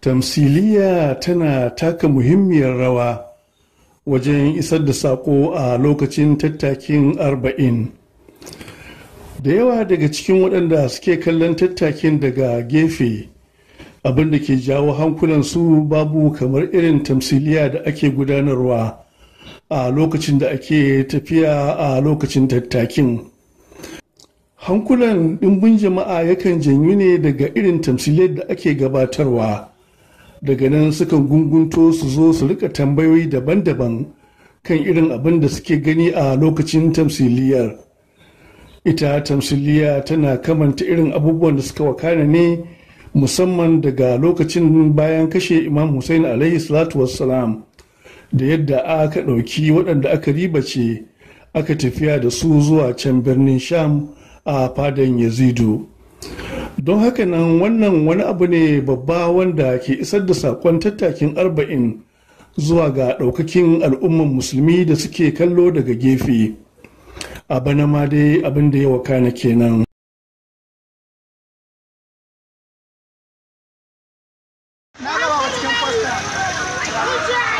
Tamsiliya tana taka muhimmiyar rawa wajen isar da sako a lokacin tattakin arba'in. Da yawa daga cikin waɗanda suke kallon tattakin daga gefe abinda ke jawo hankulansu babu kamar irin tamsiliya da ake gudanarwa a lokacin da ake tafiya a lokacin tattakin. hankulan ɗimbin jama'a yakan janyu ne daga irin tamsiliyar da ake gabatarwa daga nan sukan gungunto su zo su rika tambayoyi daban-daban kan irin abin da suke gani a lokacin tamsiliyar ita tamsiliya tana kamanta irin abubuwan da suka wakana ne musamman daga lokacin bayan kashe imam hussein alaihi salatu wassalam da yadda aka ɗauki waɗanda aka riba ce, aka tafiya da su zuwa can birnin sham a fadan yazidu don haka nan wannan wani abu ne babba wanda ke isar da sakon tattakin arba'in zuwa ga ɗaukakin al'umman musulmi da suke kallo daga gefe a bana ma dai abin da ya kana kenan Na gaba cikin